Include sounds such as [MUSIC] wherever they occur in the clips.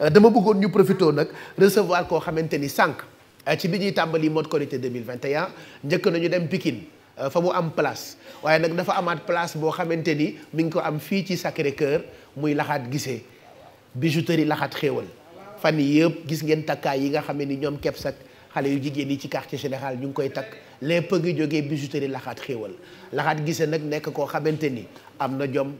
Euh, dama bëggoon ñu profité nag recevoir koo xamante ni sànq euh, ci bi ñuy tàmbali de Korité 2021 njëkk nañu dem Pikine euh, fa mu am place waaye nag dafa amaat place boo xamante ni mi ngi ko am fii ci Sacré Cœur muy laxaat gisee bijouterie laxaat xéewal fan yi yëpp gis ngeen takkaay yi nga xam ni ñoom kepp sak xale yu jigéen yi ci quartier général ñu ngi koy takk lépp ngi jógee bijouterie laxaat xéewal laxaat gisee nag nekk koo xamante ni am na jom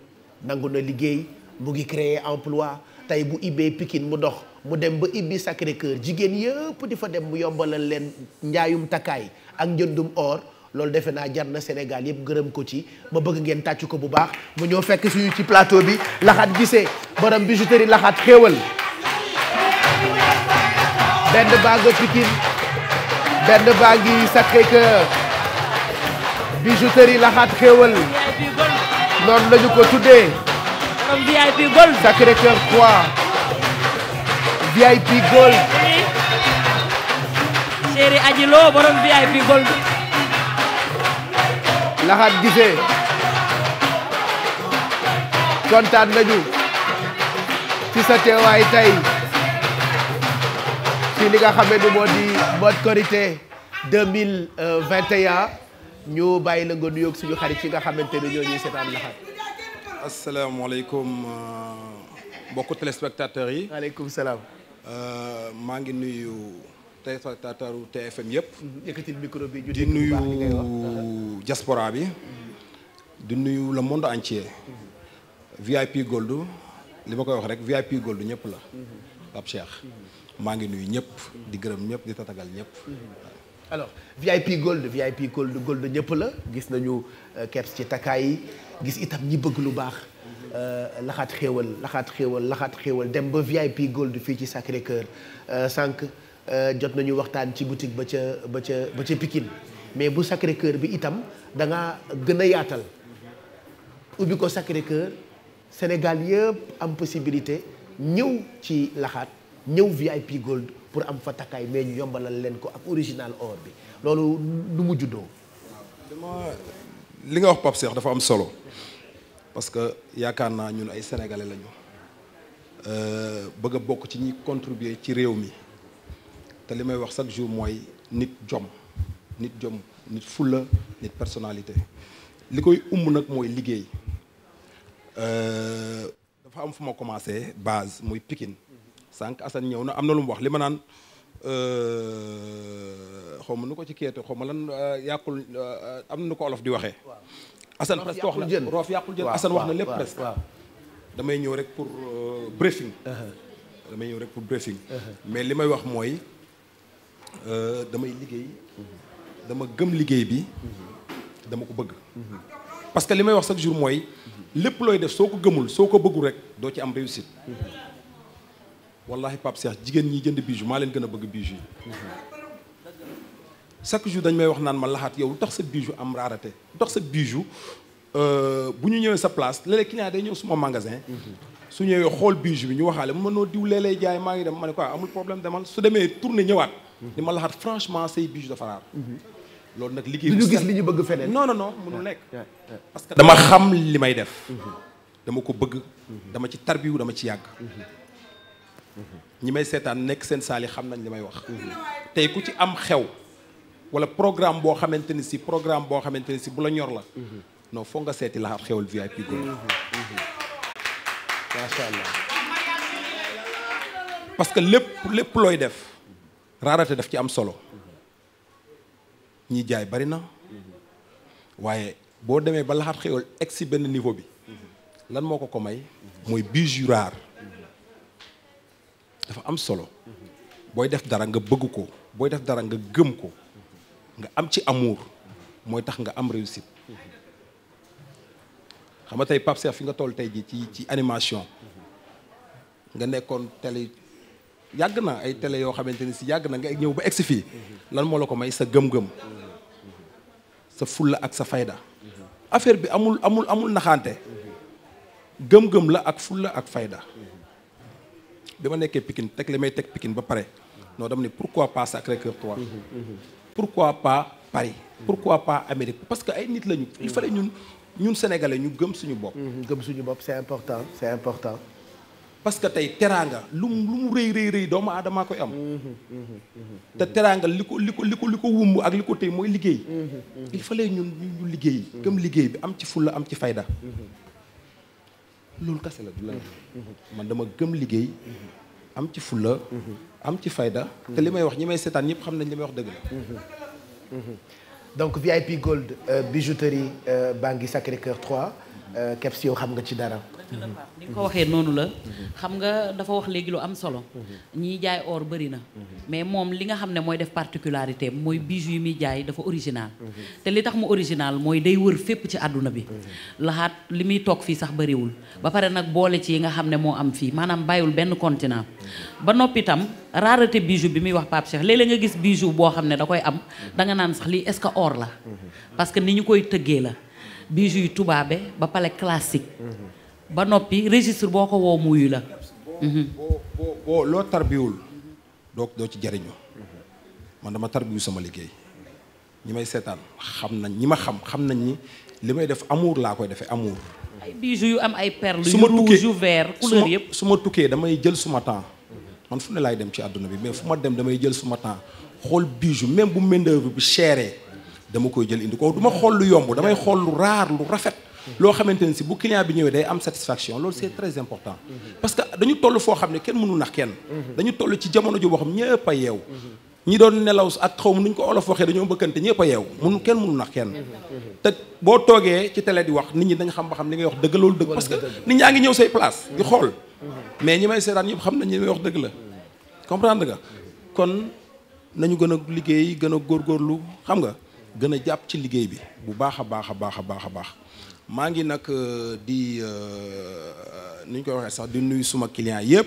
nangu na liggéey mu ngi créer emploi tey bu ibbee pikin mu dox mu dem ba ibbi Sacré-Cœur jigéen yëpp di fa dem mu yombalal leen njaayum takkaay ak njëndum or loolu defe naa jar na Sénégal yëpp gërëm ko ci ma bëgg ngeen tàcc ko bu baax mu ñëw fekk suñu ci plateau bi laxaat gisee borom bijouterie laxaat xéewal benn baa nga baa ngi sacré laxaat xéewal noonu lañu ko tuddee comme VIP Gold. Sacré-Cœur 3. VIP VIP Gold. Laxaat gisee. kontaan nañu. ci sa teewaay tey. ci li nga xamee ni moo di mode Korité 2021 ñu bàyyi la nga nuyoog suñu xarit yi nga xamante ne ñoo ñuy seetaan Laxaat. asalaamaaleykum euh, mbokku téléspectateurs yi. maaleykum salaam. Euh, maa ngi nuyu téléspectateur TFM yëpp. Mm-hmm. yëkkatil micro di nuyu diaspora bi. Mm-hmm. di nuyu le monde entier. Mm-hmm. VIP Gold li ma koy wax rek VIP Gold ñëpp la. Pape Cheikh. maa ngi nuyu ñëpp. di gërëm ñëpp di tatagal ñëpp. alors VIP Gold VIP Gold Gold ñëpp la gis nañu euh, keps ci takkaay yi gis itam ñi bëgg lu baax euh, laxaat xéewal laxaat xéewal laxaat xéewal dem ba VIP Gold fii ci Sacré Cœur euh, sànq jot nañu waxtaan ci boutique ba ca ba ca ba Pikine mais bu Sacré Cœur bi itam da nga gën a yaatal ubbi ko Sacré Cœur Sénégal yëpp am possibilité ñëw ci laxaat ñëw VIP Gold pour am fa takkaay mais ñu yombalal leen ko ak original or bi loolu lu mu juddoo. dama li nga wax Pape Cheikh dafa am solo parce que yaakaar naa ñun ay sénégalais lañu euh, bëgg a bokk ci ñi contribuer ci réew mi te li may wax chaque jour mooy nit jom nit jom nit fulla nit personnalité li koy umb nag mooy liggéey euh, dafa am fu ma commencé base muy Pikine sànq Assane ñëw na am na lu mu wax li ma naan euh, xaw ma nu ko ci keetu xaw ma lan euh, yàqul euh, am na nu ko olof di waxee. Assane presque wax na roof yàqul jën Assane wax na lépp presque. Uh-huh. damay ñëw rek pour briefing. damay ñëw rek pour briefing. mais li may wax mooy damay liggéey. dama gëm liggéey bi. dama ko bëgg. Uh-huh. parce que li may wax chaque jour mooy. lépp looy def soo ko gëmul soo ko bëggul rek doo ci am réussit uh-huh. wallahi Pape Cheikh jigéen ñi jënd bijou maa leen gën a bëgg bijou yi chaque dañ may wax naan ma laxaat yow lu tax sa bijou am raarate lu tax sa bijou euh, bu ñu ñëwee sa place léeg-léeg client day ñëw suma magasin su ñëwee xool bijou bi ñu waxaale mu ma noo diw léeg jaay maa ngi dem ma ne ko ah, amul problème demal su demee tourné ñëwaat ni ma laxaat franchement say bijou dafa raar loolu nag liggéey ñu gis li ñu bëgg feneen non non non mënul nekk parce que dama xam li may def dama ko bëgg dama ci tarbiwu dama ci yàgg ñi may seetaan nekk seen saali xam nañ li may wax tey ku ci am xew wala programme boo xamante ni si programme boo xamante ni si bu la ñor la non foog nga seeti la xewal VIP góor macha allah parce que lépp lépp looy def raarate daf ci am solo ñi jaay bari na waaye boo demee ba laxaat xewal egg si benn niveau bi lan moo ko ko may mooy bijou rare dafa am solo booy def dara nga bëgg ko booy def dara nga gëm ko nga am ci amour mooy tax nga am réussite xam nga tey Pape fi nga toll tey ji ci ci animation nga nekkoon tele yàgg na ay tele yoo xamante ni si yàgg na nga ñëw ba egsi fii lan moo la ko may sa gëm-gëm sa fulla ak sa fayda affaire bi amul amul amul naxaante gëm-gëm la ak fulla ak fayda bi ma nekkee Pikine teg li may teg Pikine ba pare noo dem ne pourquoi pas Sacré-Cœur 3 mhm, mhm. pourquoi pas Paris pourquoi pas Amérique parce que ay nit lañu mhm. il fallait ñun ñun sénégalais ñu gëm suñu bopp gëm suñu bopp c'est important c'est important parce que tey teraanga lu mu lu mu rëy rëy rëy doomu aadamaa koy am te teraanga li ko li ko li ko li ko wumb ak li ko tey mooy liggéey il fallait ñun ñu liggéey gëm liggéey bi am ci fulla am ci fayda loolu kase la du la man dama gëm liggéey am ci fulla am ci fayda te li may wax ñi may seetaan ñëpp xam nañ li may wax dëgg la donc VIP Gold euh, bijouterie euh, baa ngi Sacré Cœur 3 Kebs yow euh, xam nga ci dara ni nga ko waxee noonu la xam nga dafa wax léegi lu am solo ñiy jaay or bëri na mais moom li nga xam ne mooy def particularité mooy bijoux yi muy jaay dafa original te li tax mu original mooy day wër fépp ci àdduna bi laxaat li muy toog fii sax bëriwul ba pare nag boole ci yi nga xam ne moo am fii maanaam bàyyiwul benn continent ba noppi tam rareté bijou bi muy wax Pape Cheikh léeg nga gis bijou boo xam ne da koy am da naan sax lii est-ce que or la parce que ni ñu koy tëggee la bijou yu tubaabe ba pale classique ba noppi registre boo ko woo muyu la mhm. boo boo boo loo tarbiwul doo ci jariñu man dama tarbiwu sama liggéey ñi may seetaan xam nañ ñi ma xam xam nañ ni li may def amour laa koy defee amour ay bijoux yu am ay perles yu rouge yu vert couleur yëpp su ma tukkee damay jël suma temps man fu ne laay dem ci àdduna bi mais fu ma dem damay jël suma temps xool bijou même bu main d'œuvre bi chéré dama koy jël indi ko duma ma xool lu yomb damay xool lu raar lu rafet loo xamante ne si bu client bi ñëwee day am satisfaction loolu c'est très important parce que dañu toll foo xam ne kenn mënu nax kenn dañu toll ci jamono ju boo xam ñëpp a yeew ñi doon nelaw ak xaw ma nu ñu ko olof waxee dañoo bëkkante ñëpp a yeew mun kenn mënu nax kenn te boo toogee ci télé di wax nit ñi dañ xam ba xam li ngay wax dëgg loolu dëgg parce que nit ñaa ngi ñëw say place di xool mais ñi may seetaan ñëpp xam nañ li may wax dëgg la comprendre nga kon nañu gën a liggéey gën a xam nga gën a jàpp ci liggéey bi bu baax a baax a baax a baax a baax maa ngi nag euh, di euh, nu ñu koy waxee sax di nuyu suma client yëpp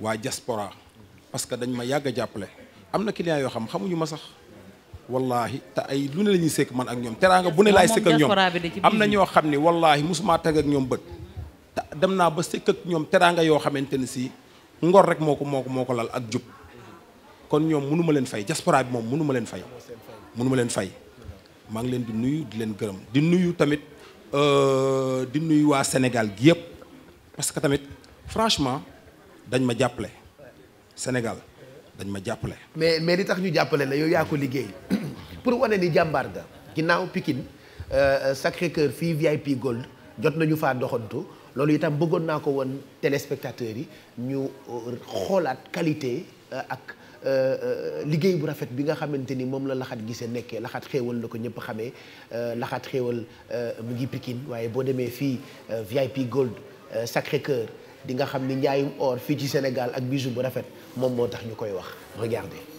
waa diaspora parce que dañ ma yàgg jàppale am na client yoo xam xamuñu ma sax wallahi te ay lu ne la ñuy sekk man ak ñoom teraanga bu ne laay sekk ak ñoom am na ñoo xam ni wallahi mosumaa teg ak ñoom bët dem naa ba sekk ñoom teraanga yoo xamante ne si ngor rek moo ko moo ko moo ko lal ak jub kon ñoom mënu ma leen fey diaspora bi moom mënu ma leen fay mënuma leen fay maa ngi leen di nuyu di leen gërëm di nuyu tamit euh, di nuyu waa Sénégal gi yëpp parce que tamit franchement dañ ma jàppale Sénégal dañ ma jàppale. mais mais li tax ñu jàppale la yow yaa ko liggéey [CLEARS THROAT] pour wane ni jàmbaar ga ginnaaw Pikine euh, Sacré-Cœur fii VIP Gold jot nañu faa doxantu loolu itam bëggoon naa ko woon téléspectateurs yi ñu euh, xoolaat qualité ak. liggéey bu rafet bi nga xamante ni moom la laxaat gisee nekkee laxaat xéewal na ko ñëpp xamee euh, laxaat xéewal euh, mu ngi Pikine waaye boo demee fii euh, VIP Gold Sacré-Cœur di nga xam ni njaayum or fii ci Sénégal ak bijou bu rafet moom moo tax ñu koy wax regardez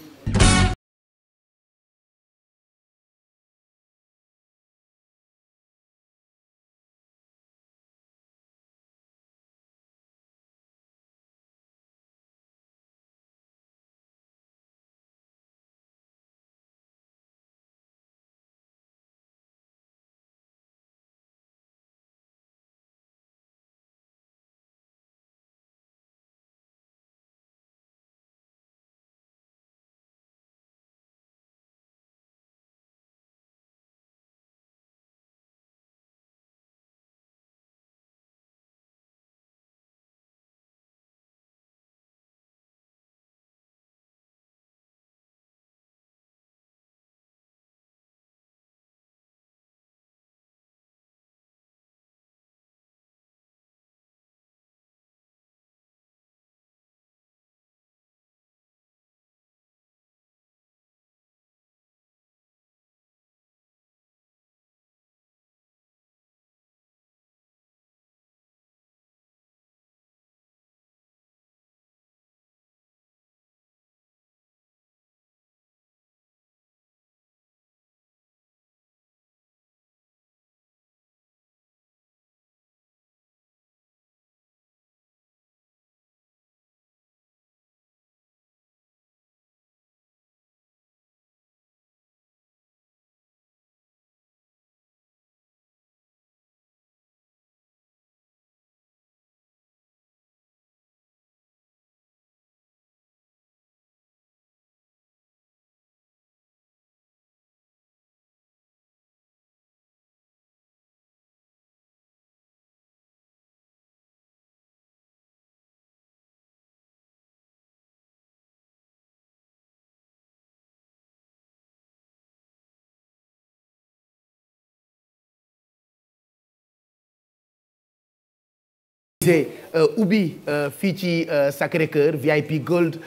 musée euh, ubbi euh, fii ci euh, Sacré Cœur VIP Gold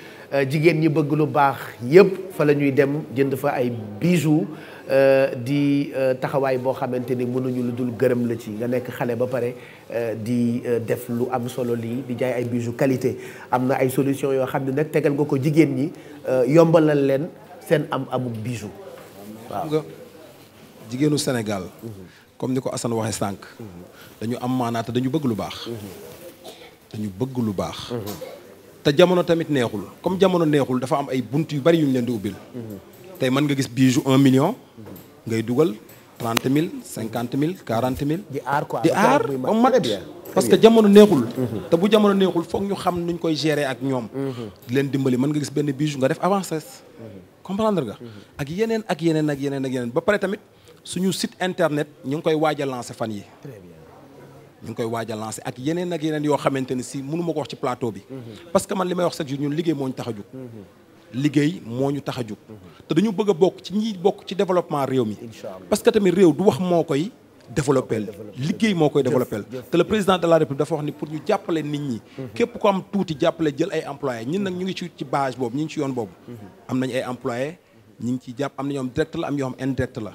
jigéen ñi bëgg lu baax yépp fa la ñuy dem jënd fa ay bijoux di taxawaay boo xamante ni mënuñu lu dul gërëm la ci nga nekk xale ba pare di def lu am solo lii di jaay ay bijoux qualité am na ay solution yoo xam ne nag tegal nga ko jigéen ñi yombalal leen seen am amuk bijoux waaw nga jigéenu Sénégal comme ni ko Assane waxee sànq dañu am maanaata dañu bëgg lu baax te ñu bëgg lu baax. Mhm. te jamono tamit neexul comme jamono neexul dafa am ay bunt yu bari yu leen di ubbil. Mhm. tey mën nga gis bijou un million. ngay dugal trente mille cinquante mille quarante mille. di aar quoi di aar ba mat parce que jamono neexul. Mhm. te bu jamono neexul foog ñu xam nuñ koy gere ak ñoom. leen dimbali mën nga gis benn bijou nga def avancé. comprendre nga. ak yeneen ak yeneen ak yeneen ak yeneen ba pare tamit suñu site internet ñu ngi koy waaj lancer fan yi. ñu ngi koy waaj lancé ak yeneen ak yeneen yoo xamante ne si mënu ma ko wax ci plateau bi. Mhm. parce que man li may wax chaque jour liggéey moo ñu tax a jug. Mhm. liggéey moo ñu tax a jug. Mhm. te dañu bëgg bokk ci ñi bokk ci développement réew mi. parce que tamit réew du wax moo koy. développé liggéey moo koy développé te le président de la république dafa wax ni pour ñu jàppale nit ñi. képp ku am tuuti jàppale jël ay employés ñun nag ñu ngi ci ci base boobu ñu ngi ci yoon boobu. am nañu ngi ciy jàpp am na ñoom direct am ñoo xam la.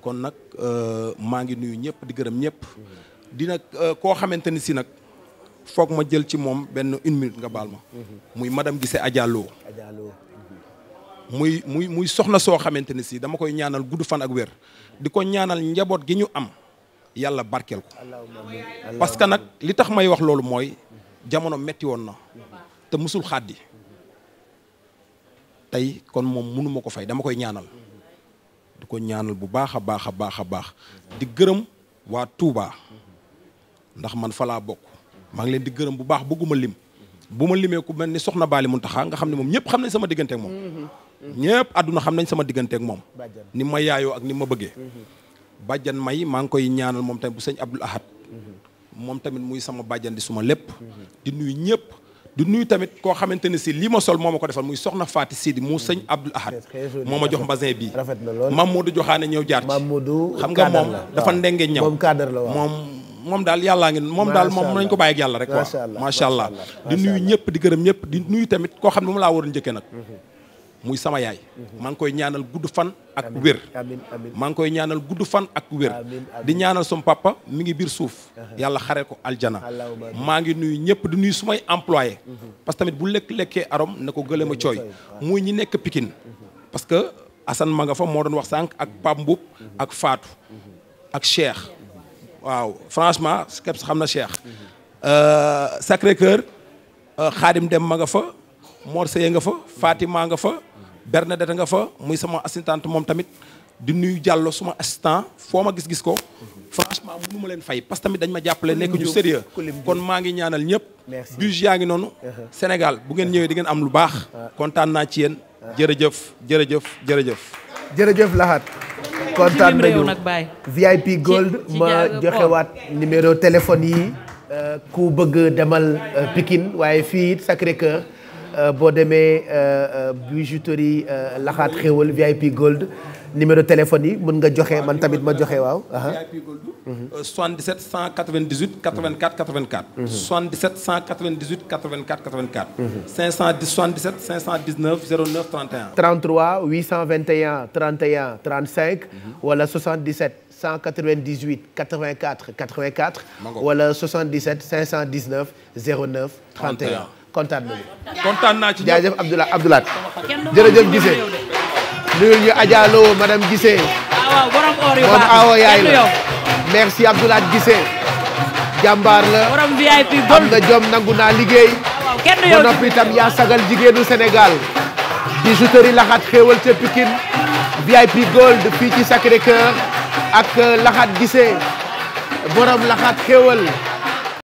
kon nag euh, maa ngi nuyu ñëpp di gërëm ñëpp. dina euh, koo xamante ni si nag foog ma jël ci moom benn une minute nga baal ma. Mhm. muy madam gise Adja Lo. Mhm. muy muy muy soxna soo xamante ni si dama koy ñaanal gudd fan ak wér. di ko ñaanal njaboot gi ñu am yàlla barkeel ko. parce que nag li tax may wax loolu mooy jamono metti woon na mhm. te mësul xaddi tey kon moom mënuma ko fay dama koy ñaanal. di ko ñaanal bu baax a baax a baax a baax di gërëm waa Touba. ndax man falaa bokk maa ngi leen di gërëm bu baax bëgguma lim bu ma limee ku mel ni soxna Baali Muntaxa nga xam ne moom ñëpp xam nañ sama diggante moom mm-hmm. ñëpp àdduna xam nañ sama diggante ak moom ni ma yaayoo ak ni ma bëggee mm-hmm. bàjjan may maa ngi koy ñaanal moom tamit bu sëñ Abdul Ahad mm-hmm. moom tamit muy sama bàjjan di suma lépp di nuyu ñëpp di nuyu tamit koo xamante ne si lii ma sol moo ma ko defal muy soxna Faati Sidi mu sëñ Abdul Ahad moo ma jox mbasin bii Mamadou joxaane ñëw jaar ci xam nga moom dafa ndenge moom daal yàllaa ngi moom daal moom nañ ko bàyyi ak yàlla rek quoi macha allah di nuyu ñëpp di gërëm ñëpp di nuyu tamit koo xam ne moom laa waroon njëkkee nag mhm. muy sama yaay mhm. maa ngi koy ñaanal gudd fan ak wér maa ngi koy ñaanal gudd fan ak wér di ñaanal sama papa mi ngi biir suuf mhm. yàlla xare ko aljana maa ngi nuyu ñëpp di nuyu su may employé parce que tamit bu lekk lekkee arom ne ko gëlëm a cooy muy ñi nekk pikin parce que Assane ma nga fa moo doon wax sànq ak Pape Mboup ak Fatou ak Cheikh waaw franchement Kebs xam na Cheikh. Euh, Sacré Cœur Xaadim euh, dem ma nga fa Mor Seye nga fa Fatima nga fa Bernadette nga fa muy sama assistante moom tamit di nuyu Diallo suma assistant foo ma gis-gis ko franchement mënu ma leen fay parce que tamit dañ ma jàppale nekk ñu sérieux kon maa ngi ñaanal ñëpp bus yaa ngi noonu uh-huh. Sénégal bu ngeen ñëwee di ngeen am lu baax uh-huh. kontaan naa ci yéen uh-huh. jërëjëf jërëjëf jërëjëf jërëjëf Lahat kontaan nañu VIP Gold ma joxewaat numéro téléphone yi euh, ku bëgg demal euh, Pikine waaye fii Sacré Cœur Euh, boo demee euh, euh, bijouterie laxaat xéwal VIP Gold numéro téléphone yi mën nga joxe man tamit ma joxe waaw. VIP Gold. 77 198 84 84. 77 198 84 84. 510 77 519 09 31. 33 821 31 35. wala 77. 198 84 84 wala 77 519 09 31. 31. kontaan nañu. kontaan naa ci jaajëf Abdoulaye Abdoulaye jërëjëf Guissé nuyu ñu Adja Lo madame Guissé. Ah, yaay la merci Abdoulaye Guissé. jàmbaar la borom VIP am nga jom nangu naa liggéey. Ah, kenn du yow ba noppi itam yaa sagal jigéenu Sénégal. bijouterie laxaat xéewal ca VIP Gold fii ci Sacré ak euh, laxaat Guissé borom laxaat xéewal.